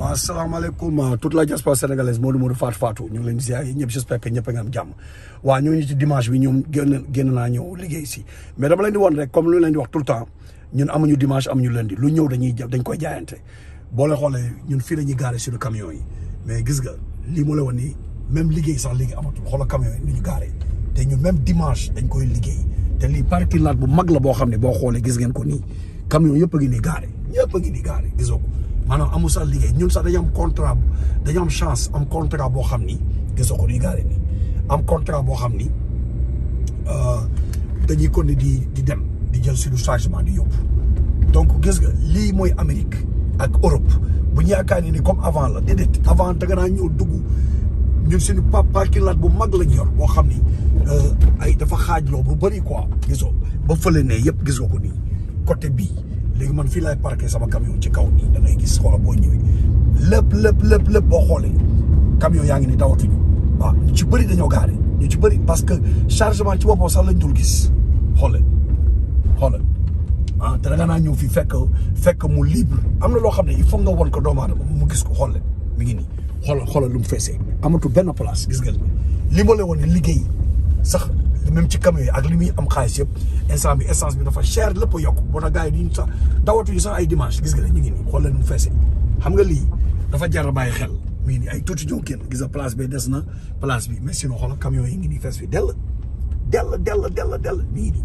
waaw salaamaaleykum ah, toute la diaspora sénégalaise Modou Modou Fatou Fatou ñu leen di ziar yi ñëpp j'espère que ñëpp a ngi am jàmm waaw ñooñu ci dimanche bi ñoom génn génn naa ñëw liggéey si mais dama leen di woon rek comme lu leen di wax tout le temps ñun amuñu dimanche amuñu lundi lu ñëw dañuy koy jaayante boo leen xoolee ñun fii lañuy gaare suñu camion yi mais gis nga lii mu la woon ni même liggéey sax liggéey amatul xoola camion yi ni ñu gaare te ñu même dimanche dañ koy liggéey te lii parking bu mag la boo xam ne boo xoolee gis ngeen ko nii camion yëpp a ngi nii gaare ñëpp a ngi nii maanaam amul sax liggéey ñun sax dañu am contrat dañu am chance am contrat boo xam ni gisoo ko di gaare ni am contrat boo xam ni euh, dañuy kon di di dem di jël suñu chargement di yóbbu donc gis nga lii mooy Amérique ak Europe bu ñu yaakaar ni comme avant la déedéet avant da nga naa ñëw dugg ñun suñu pa parking lot bu mag lañ yor boo xam ni euh, ay dafa xaajloo bu bëri quoi gisoo ba fële ne yëpp gisoo ko nii côté bii léegi man fii laay parqué sama camion ci kaw nii da ngay gis xoola boo ñëwee lépp lépp lépp lépp boo xoolee camion yaa ngi ni dawatuñu waaw ñu ci bëri dañoo gaare ñu ci bëri parce que chargement ci booboo sax lañ dul gis xoole xoole ah te da nga naa ñëw fii fekk fekk mu libre am na loo xam ne il faut nga won ko doomu aadama mu gis ko xoole mi ngi nii xoolal xoolal lu mu feesee amatu benn place gis nga li ma la liggéey sax même ci camion ak li muy am xaalis yëpp instant bi essence bi dafa cher lépp a yokk boo a gars yi duñu sax dawatuñu sax ay dimanche gis nga ñu ngi nii xool leen mu feesee xam nga lii dafa jar a bàyyi xel muy ni ay tuuti ñëw kenn gis nga place bi des na place bi mais sinon xoolal camion yi ngi nii fees bi dell dell dell dell dell nii nii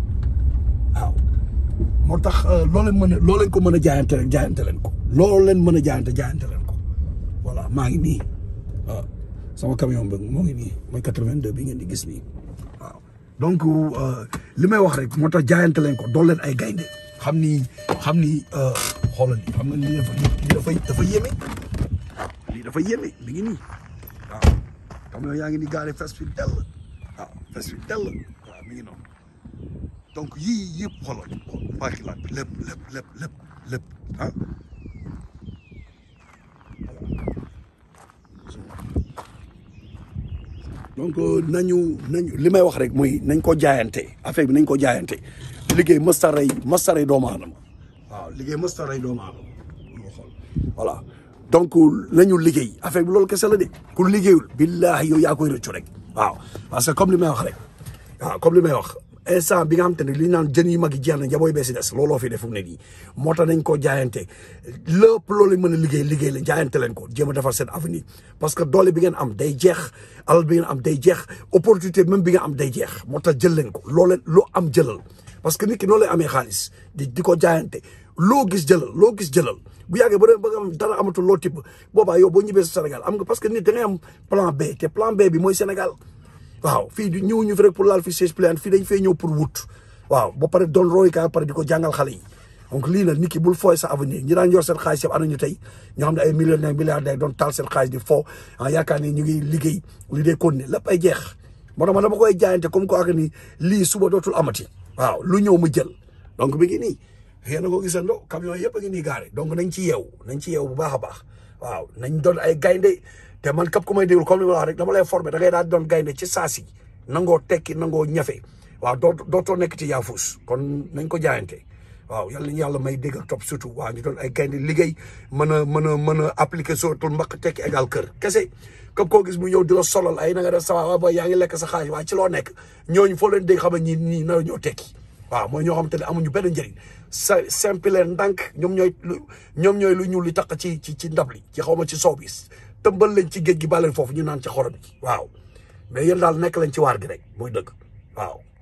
moo tax euh, loo leen mën loo leen ko mën a jaayante leen jaayante leen ko loolu leen mën a jaayante jaayante leen ko voilà maa ngi nii waaw sama camion bi moo ngi nii mooy 82 bi ngeen di gis nii donc euh, li may wax rek moo ta jaayante leen ko dool leen ay gaynde xam ni xam ni euh, xoolal xam nga lii dafa lii dafa yéeme lii dafa yéeme mi ngi nii waaw camion yaa ngi ni gaare fes fi dell waaw fes fi dell mi ngi noonu donc yii yëpp xoolal mbàkki laat bi lépp lépp ah. donc euh, nañu nañu li may wax rek mooy nañ ko jaayante affaire bi nañ ko jaayante liggéey mësta rey mësta doomu aadama waaw liggéey mësta rey doomu aadama voilà donc nañu liggéey affaire bi loolu kese la de ku liggéeyul billaahi yow yaa koy rek waaw parce que comme li may wax rek waaw comme li may wax instant bi nga xam te ne li naan jën yu mag yi jeex na njabooy bee si des looloo fi def fu ne nii moo tax nañ koo jaayante lépp loolu mën a liggéey liggéey la jaayante leen ko jéem a defar seen avenir que doole bi ngeen am day jeex am day jeex opportunité même bi nga am day jeex moo tax jël leen ko loo leen loo jëlal parce que nit ki noo lay amee xaalis di di ko jaayante loo gis jëlal loo gis jëlal bu yàggee ba ba nga am dara amatul loo tibb boobaa yow boo parce que nit da plan B te plan B bi mooy Sénégal waaw fii du ñëwuñu fi rek pour laal fi siège pliant fii dañ fee ñëw pour wut waaw ba pare doon royukaay pare di ko jàngal xale yi donc lii nag nit ki bul fooy sa avenir ñi daan yor seen xaalis yëpp ana ñu tey ñoo xam ne ay millionnaire milliardaire doon taal seen xaalis di foo ah yaakaar ni ñu ngi liggéey li dee lépp ay jeex moo tax man dama koy jaayante comme ko ak ni lii suba dootul amati waaw lu ñëw mu jël donc mi ngi nii yéen a ko gisandoo camion yëpp a ngi nii gaare donc nañ ci yeew nañ ci yeew bu baax a baax waaw nañ doon ay gaynde te man képp ku may déglu comme li ma la wax rek dama lay former da ngay daal gaynde ci saasi nangoo tekki nangoo ñafe waaw doo dootoo nekk ci yaafus kon nañ ko jaayante waaw yal nañu yàlla may dégg ak topp surtout waaw ñu doon ay gaynde liggéey mën a mën a mën a appliquer surtout mbaq tekki égal kër kese képp koo gis mu ñëw di la solal ay na nga def waa booy yaa ngi lekk sa xaalis waa ci loo nekk ñooñ foo leen dégg xam ne ñii ñii ñoo tekki waaw mooy ñoo xamante ne amuñu benn njëriñ sa simple ndànk ñoom ñooy lu ñoom ñooy lu ñuul li taq ci ci ci ndab li ci xaw ma ci soow bi tëmbal leen ci géej gi ba foofu ñu naan ci xorom bi waaw mais yéen daal nekk leen ci waar gi rek muy dëgg waaw.